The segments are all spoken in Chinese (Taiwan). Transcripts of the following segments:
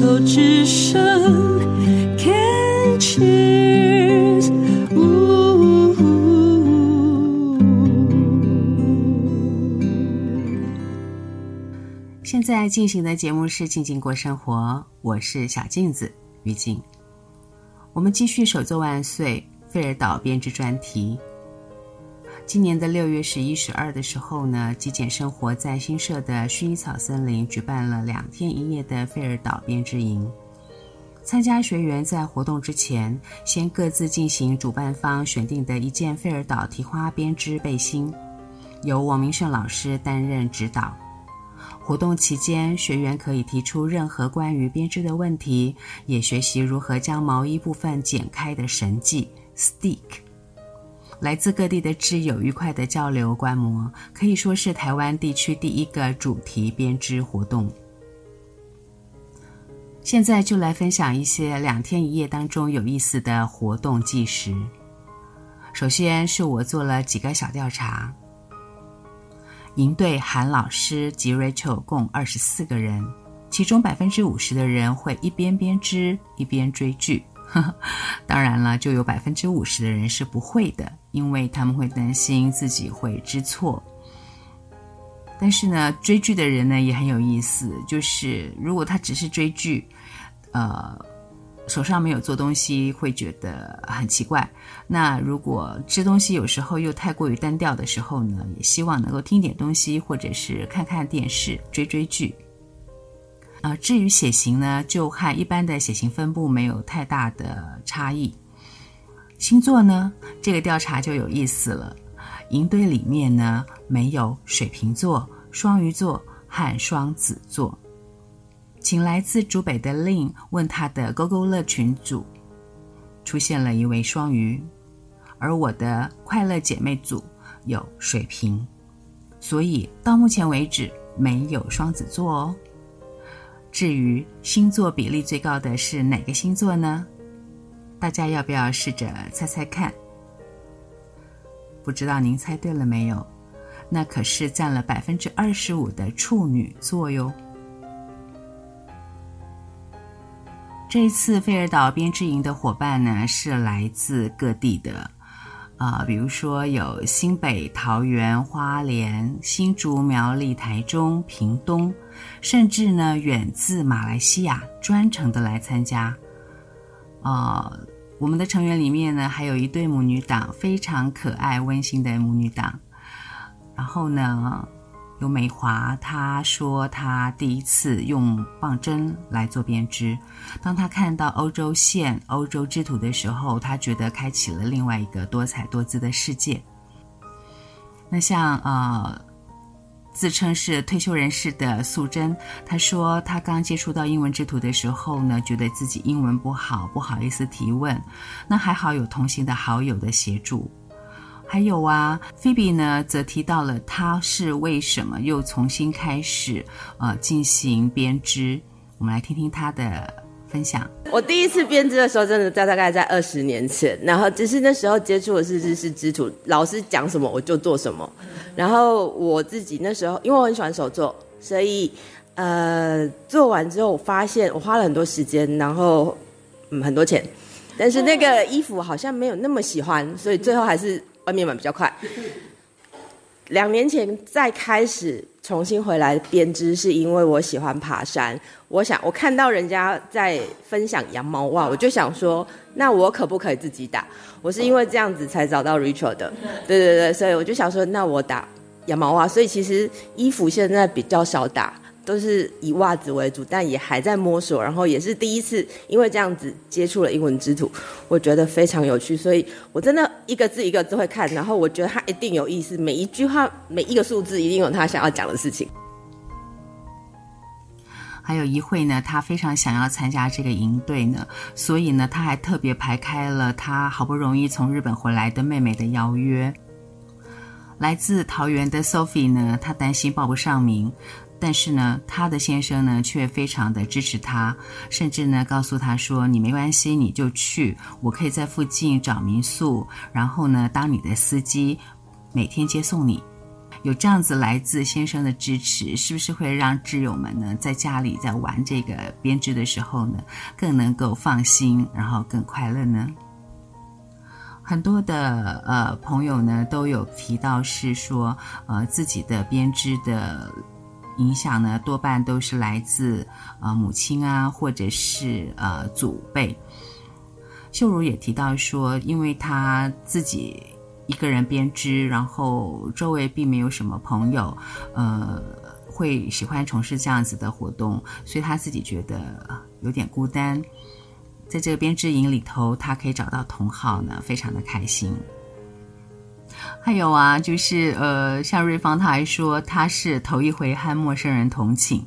都只剩乾柴、哦。嗚、哦。哦哦哦哦。現在進行的節目是《靜靜過生活》，我是小鏡子於靜。我們繼續手作萬歲費爾島編織專題。今年的六月十一、十二的時候呢，極簡生活在新社的薰衣草森林舉辦了兩天一夜的費爾島編織營。參加學員在活動之前，先各自進行主辦方選定的一件費爾島提花編織背心，由王明勝老師擔任指導。活動期間，學員可以提出任何關於編織的問題，也學習如何將毛衣部分剪開的神技 stick 來自各地的織友愉快的交流觀摩，可以說是台灣地區第一個主題編織活動。現在就來分享一些兩天一夜當中有意思的活動紀實。首先是我做了幾個小調查，營隊韓老師及 Rachel 共二十四個人，其中百分之五十的人會一邊編織一邊追劇。呵呵當然了，就有百分之五十的人是不會的，因為他們會擔心自己會織錯。但是呢，追劇的人呢也很有意思，就是如果他只是追劇，呃，手上沒有做東西，會覺得很奇怪。那如果織東西有時候又太過於單調的時候呢，也希望能夠聽點東西，或者是看看電視，追追劇。啊、呃，至於血型呢，就和一般的血型分布沒有太大的差異。星座呢，這個調查就有意思了。營隊裡面呢，沒有水瓶座、雙魚座和雙子座。請來自竹北的 Lin 問他的勾勾樂群組，出現了一位雙魚，而我的快樂姐妹組有水瓶，所以到目前為止沒有雙子座哦。至於星座比例最高的是哪個星座呢？大家要不要試着猜猜看？不知道您猜對了沒有，那可是佔了百分之二十五的處女座喲。這一次費爾島編織營的夥伴呢，是來自各地的。啊、呃，比如說有新北、桃園、花蓮、新竹、苗栗、台中、屏東，甚至呢遠自馬來西亞專程的來參加。呃，我們的成員裡面呢，還有一對母女檔，非常可愛溫馨的母女檔。然後呢。有美華，他說他第一次用棒針來做編織，當他看到歐洲線、歐洲織圖的時候，他覺得開啟了另外一個多彩多姿的世界。那像呃，自稱是退休人士的素貞，他說他剛接觸到英文織圖的時候呢，覺得自己英文不好，不好意思提問，那還好有同行的好友的協助。還有啊，菲比 b 呢，則提到了她是為什麼又重新開始，呃，進行編織。我們來聽聽她的分享。我第一次編織的時候，真的在大概在二十年前，然後只是那時候接觸的是識織土，老師講什麼我就做什麼。然後我自己那時候，因為我很喜歡手作，所以呃，做完之後我發現我花了很多時間，然後嗯，很多錢，但是那個衣服好像沒有那麼喜歡，所以最後還是。面板比較快。兩年前再開始重新回來編織，是因為我喜歡爬山。我想，我看到人家在分享羊毛襪，我就想說，那我可不可以自己打？我是因為這樣子才找到 Rachel 的。對對對，所以我就想說，那我打羊毛襪。所以其實衣服現在比較少打。都是以襪子為主，但也還在摸索。然後也是第一次，因為這樣子接觸了英文織圖，我覺得非常有趣。所以我真的一個字一個字會看，然後我覺得他一定有意思，每一句話每一個數字一定有他想要講的事情。還有一位呢，她非常想要參加這個營隊呢，所以呢，她還特別排開了她好不容易從日本回來的妹妹的邀約。來自桃園的 Sophie 呢，她擔心報不上名。但是呢，他的先生呢卻非常的支持他，甚至呢告訴他說：“你沒關係，你就去，我可以在附近找民宿，然後呢當你的司機，每天接送你。”有這樣子來自先生的支持，是不是會讓織友們呢在家裡在玩這個編織的時候呢更能夠放心，然後更快樂呢？很多的呃朋友呢都有提到是說，呃自己的編織的。影響呢，多半都是來自，呃，母親啊，或者是呃祖輩。秀如也提到說，因為她自己一個人編織，然後周圍並沒有什麼朋友，呃，會喜歡從事這樣子的活動，所以她自己覺得有點孤單。在這個編織營裡頭，她可以找到同好呢，非常的開心。還有啊，就是呃，像瑞芳他還說他是頭一回和陌生人同寢，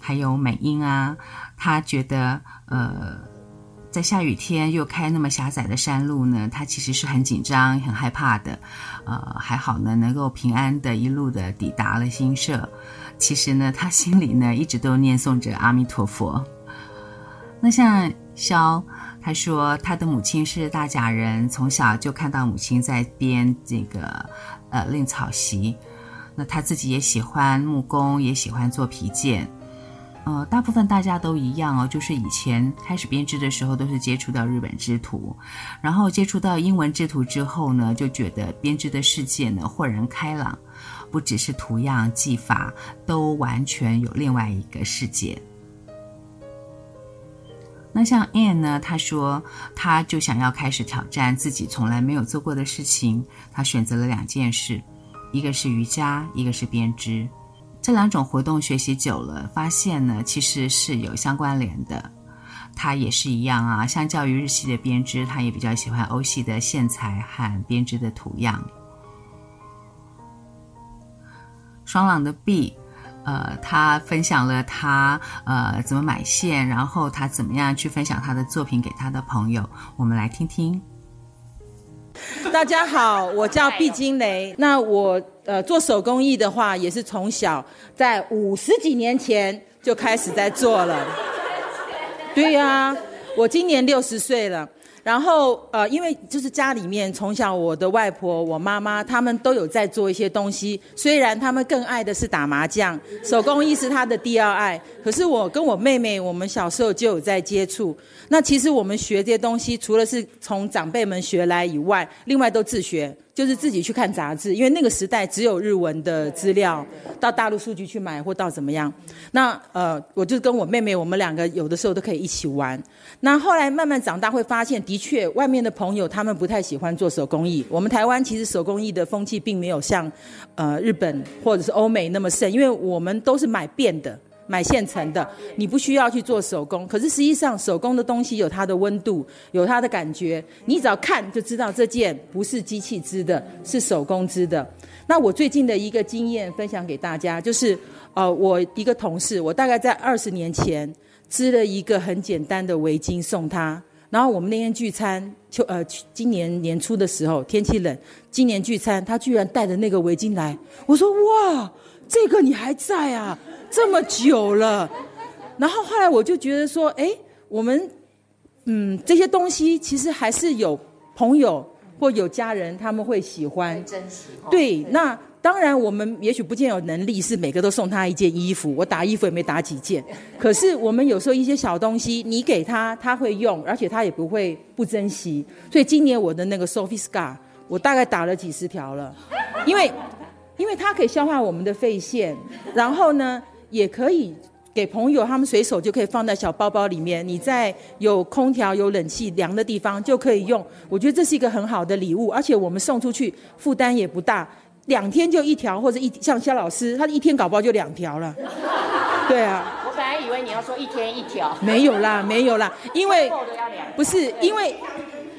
還有美英啊，他覺得呃，在下雨天又開那麼狹窄的山路呢，他其實是很緊張、很害怕的。呃，還好呢，能夠平安的一路的抵達了新社。其實呢，他心裡呢一直都念誦着阿彌陀佛。那像小。他說，他的母親是大甲人，從小就看到母親在編這個，呃，藺草蓆。那他自己也喜歡木工，也喜歡做皮件。呃，大部分大家都一樣哦，就是以前開始編織的時候，都是接觸到日本織圖，然後接觸到英文織圖之後呢，就覺得編織的世界呢，豁然開朗，不只是圖樣技法，都完全有另外一個世界。那像 Anne 呢？她說，她就想要開始挑戰自己從來沒有做過的事情。她選擇了兩件事，一個是瑜伽，一個是編織。這兩種活動學習久了，發現呢，其實是有相關聯的。她也是一樣啊，相較於日系的編織，她也比較喜歡歐系的線材和編織的圖樣。雙朗的 B。呃，他分享了他呃怎麼買線，然後他怎麼樣去分享他的作品給他的朋友，我們來聽聽。大家好，我叫畢金雷，那我呃做手工藝的話，也是從小在五十幾年前就開始在做了。對呀，我今年六十歲了。然後，呃，因為就是家裡面從小我的外婆、我媽媽他們都有在做一些東西，雖然他們更愛的是打麻將，手工藝是他的第二愛。可是我跟我妹妹，我們小時候就有在接觸。那其實我們學這些東西，除了是從長輩們學來以外，另外都自學。就是自己去看雜誌，因為那個時代只有日文的資料，到大陸書局去買或到怎麼樣。那呃，我就跟我妹妹，我們兩個有的時候都可以一起玩。那後來慢慢長大會發現，的確外面的朋友他們不太喜歡做手工藝。我們台灣其實手工藝的風氣並沒有像呃日本或者是歐美那麼盛，因為我們都是買遍的。買現成的，你不需要去做手工。可是實際上，手工的東西有它的溫度，有它的感覺。你只要看就知道，這件不是機器織的，是手工織的。那我最近的一個經驗分享給大家，就是呃，我一個同事，我大概在二十年前織了一個很簡單的圍巾送他。然後我們那天聚餐就，就呃，今年年初的時候天氣冷，今年聚餐他居然帶着那個圍巾來。我說哇，這個你還在啊？這麼久了，然後後來我就覺得說，哎，我們嗯這些東西其實還是有朋友或有家人他們會喜歡，真喜歡，對，可以。那當然我們也許不見有能力是每個都送他一件衣服，我打衣服也沒打幾件，可是我們有時候一些小東西你給他，他會用，而且他也不會不珍惜，所以今年我的那個 Sophie Scar 我大概打了幾十條了，因為因為它可以消化我們的廢線，然後呢。也可以給朋友，他們隨手就可以放在小包包裡面。你在有空調、有冷氣、涼的地方就可以用。我覺得這是一個很好的禮物，而且我們送出去負擔也不大，兩天就一條，或者一像蕭老師，他一天搞不好就兩條了？對啊，我本來以為你要說一天一條，沒有啦，沒有啦，因為不是因為，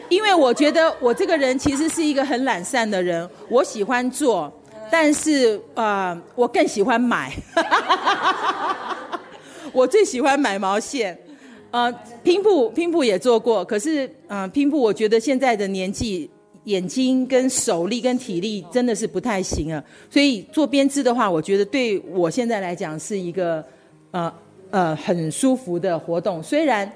因為我覺得我這個人其實是一個很懶散的人，我喜歡做。但是啊、呃，我更喜歡買， 我最喜歡買毛線，呃，拼布拼布也做過，可是啊、呃，拼布我覺得現在的年紀，眼睛跟手力跟體力真的是不太行啊。所以做編織的話，我覺得對我現在來講是一個，呃呃很舒服的活動，雖然。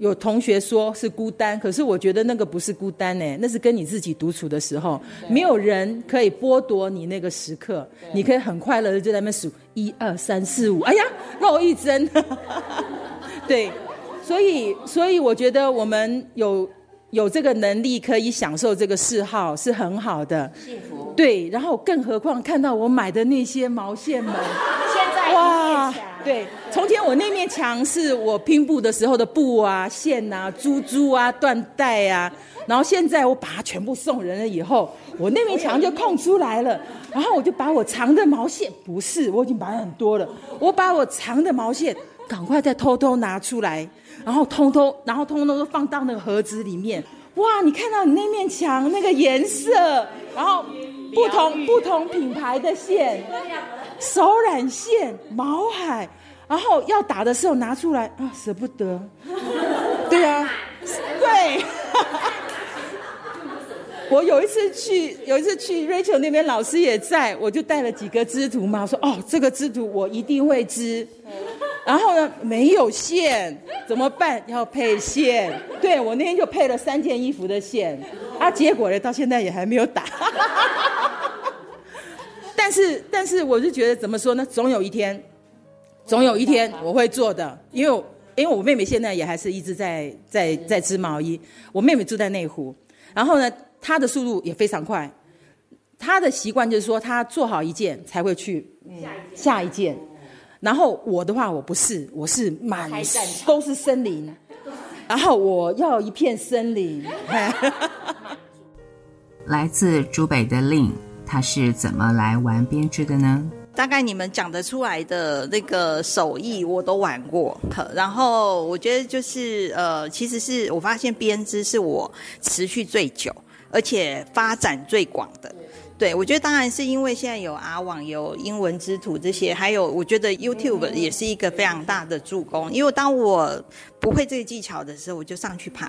有同學說是孤單，可是我覺得那個不是孤單呢，那是跟你自己獨處的時候，對沒有人可以剝奪你那個時刻，對你可以很快樂的就在那邊數一二三四五，哎呀，漏一針。 對，所以所以我覺得我們有有這個能力可以享受這個嗜好是很好的，幸福。對，然後更何況看到我買的那些毛線們。 對，從前我那面牆是我拼布的時候的布啊、線啊、珠珠啊、緞帶啊，然後現在我把它全部送人了以後，我那面牆就空出來了。然後我就把我藏的毛線，不是，我已經買了很多了，我把我藏的毛線趕快再偷偷拿出來，然後通通，然後通通都放到那個盒子裡面。哇，你看到你那面牆那個顏色，然後不同不同品牌的線。對啊手染線毛海，然後要打的時候拿出來啊，捨不得。對呀、啊，對。 我有一次去，有一次去 Rachel 那邊，老師也在，我就帶了幾個織圖嘛。我說哦，這個織圖我一定會織。然後呢，沒有線怎麼辦？要配線。對，我那天就配了三件衣服的線，啊，結果呢，到現在也還沒有打。 但是，但是我是覺得怎麼說呢？總有一天，總有一天我會做的，因為因為我妹妹現在也還是一直在在在織毛衣。我妹妹住在內湖，然後呢，她的速度也非常快。她的習慣就是說，她做好一件才會去下一件。一件嗯、然後我的話，我不是，我是滿都是森林，然後我要一片森林。 來自竹北的令。他是怎麼來玩編織的呢？大概你們講得出來的那個手藝，我都玩過。然後我覺得就是呃，其實是我發現編織是我持續最久，而且發展最廣的。對，我覺得當然是因為現在有阿網有英文織圖這些，還有我覺得 YouTube 也是一個非常大的助攻。因為我當我不會這個技巧的時候，我就上去爬。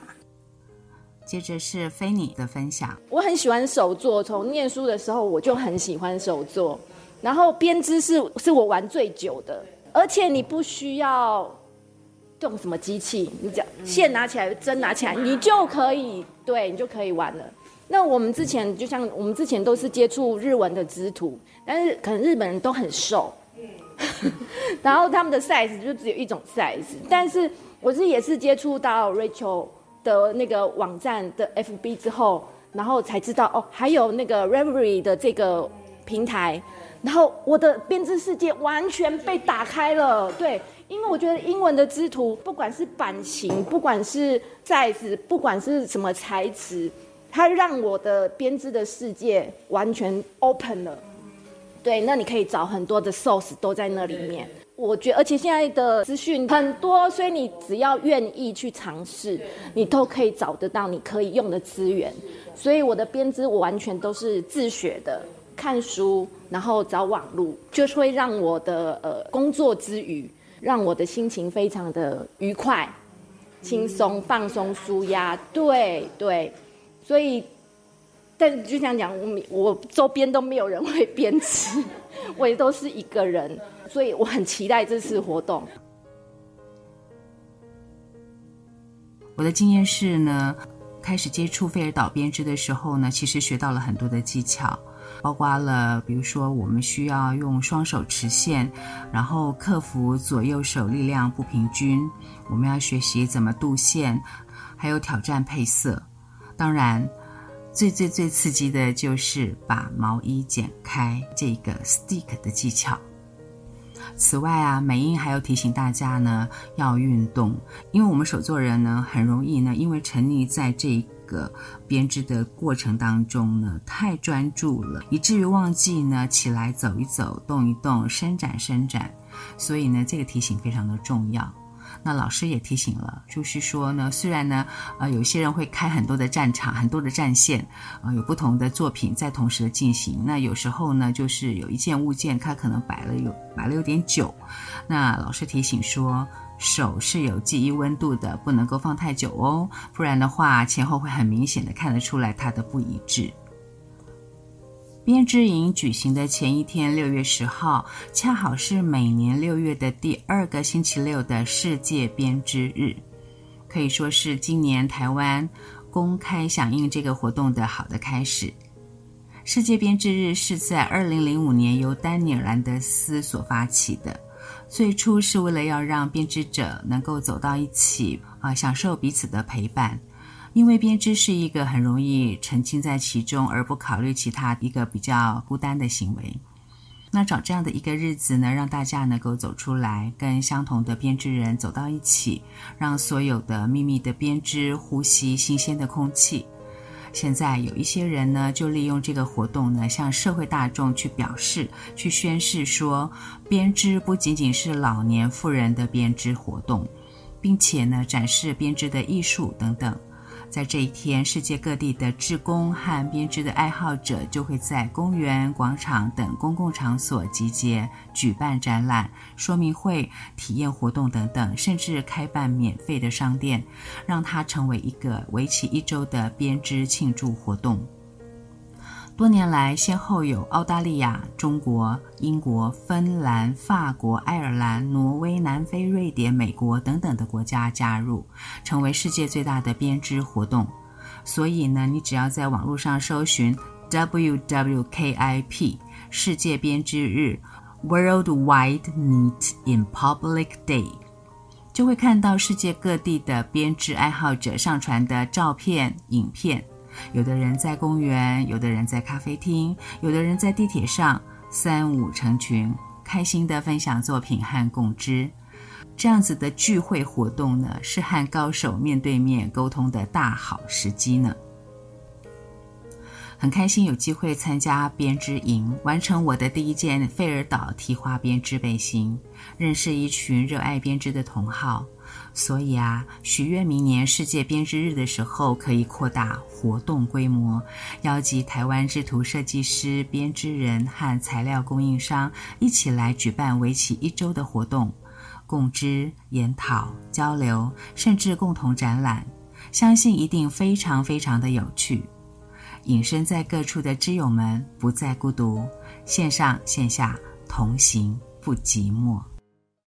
接着是菲尼的分享。我很喜歡手作，從念書的時候我就很喜歡手作，然後編織是是我玩最久的，而且你不需要動什麼機器，你只要線拿起來，針拿起來，你就可以，對你就可以玩了。那我們之前就像我們之前都是接觸日文的織圖，但是可能日本人都很瘦，嗯、 然後他們的 size 就只有一種 size，但是我是也是接觸到 Rachel。的那個網站的 FB 之後，然後才知道哦，還有那個 Ravelry 的這個平台，然後我的編織世界完全被打開了。對，因為我覺得英文的織圖，不管是版型，不管是 size，不管是什麼材質，它讓我的編織的世界完全 open 了。對，那你可以找很多的 source 都在那裡面。我覺，而且現在的資訊很多，所以你只要願意去嘗試，你都可以找得到你可以用的資源。所以我的編織，我完全都是自學的，看書，然後找網路，就是會讓我的呃工作之餘，讓我的心情非常的愉快、輕鬆、放鬆、鬆、舒壓。對對，所以，但是就像講，我我周邊都沒有人會編織。我也都是一個人，所以我很期待這次活動。我的經驗是呢，開始接觸費爾島編織的時候呢，其實學到了很多的技巧，包括了比如說我們需要用雙手持線，然後克服左右手力量不平均，我們要學習怎麼渡線，還有挑戰配色，當然。最最最刺激的就是把毛衣剪開這個 steek 的技巧。此外啊，美英還要提醒大家呢，要運動，因為我們手作人呢，很容易呢，因為沉溺在這個編織的過程當中呢，太專注了，以至於忘記呢起來走一走、動一動、伸展伸展。所以呢，這個提醒非常的重要。那老師也提醒了，就是說呢，雖然呢，呃，有些人會開很多的戰場，很多的戰線，啊、呃，有不同的作品在同時的進行。那有時候呢，就是有一件物件，它可能擺了有擺了有點久。那老師提醒說，手是有記憶溫度的，不能夠放太久哦，不然的話，前後會很明顯的看得出來它的不一致。編織營舉行的前一天，六月十號，恰好是每年六月的第二個星期六的世界編織日，可以說是今年台灣公開響應這個活動的好的開始。世界編織日是在二零零五年由丹尼爾蘭德斯所發起的，最初是為了要讓編織者能夠走到一起，啊、呃，享受彼此的陪伴。因為編織是一個很容易沉浸在其中而不考慮其他，一個比較孤單的行為。那找這樣的一個日子呢，讓大家能夠走出來，跟相同的編織人走到一起，讓所有的秘密的編織呼吸新鮮的空氣。現在有一些人呢，就利用這個活動呢，向社會大眾去表示、去宣示，說編織不僅僅是老年婦人的編織活動，並且呢，展示編織的藝術等等。在這一天，世界各地的織工和編織的愛好者就會在公園、廣場等公共場所集結，舉辦展覽、說明會、體驗活動等等，甚至開辦免費的商店，讓它成為一個為期一周的編織慶祝活動。多年來，先後有澳大利亞、中國、英國、芬蘭、法國、愛爾蘭、挪威、南非、瑞典、美國等等的國家加入，成為世界最大的編織活動。所以呢，你只要在網絡上搜尋 “WWKIP 世界編織日 ”，Worldwide Knit in Public Day，就會看到世界各地的編織愛好者上傳的照片、影片。有的人在公園，有的人在咖啡廳，有的人在地鐵上，三五成群，開心地分享作品和共知。這樣子的聚會活動呢，是和高手面對面溝通的大好時機呢。很開心有機會參加編織營，完成我的第一件費爾島提花編織背心，認識一群熱愛編織的同好。所以啊，許願明年世界編織日的時候，可以擴大活動規模，邀集台灣織圖設計師、編織人和材料供應商一起來舉辦為期一周的活動，共織、研討、交流，甚至共同展覽，相信一定非常非常的有趣。隱身在各處的織友們不再孤獨，線上線下同行不寂寞。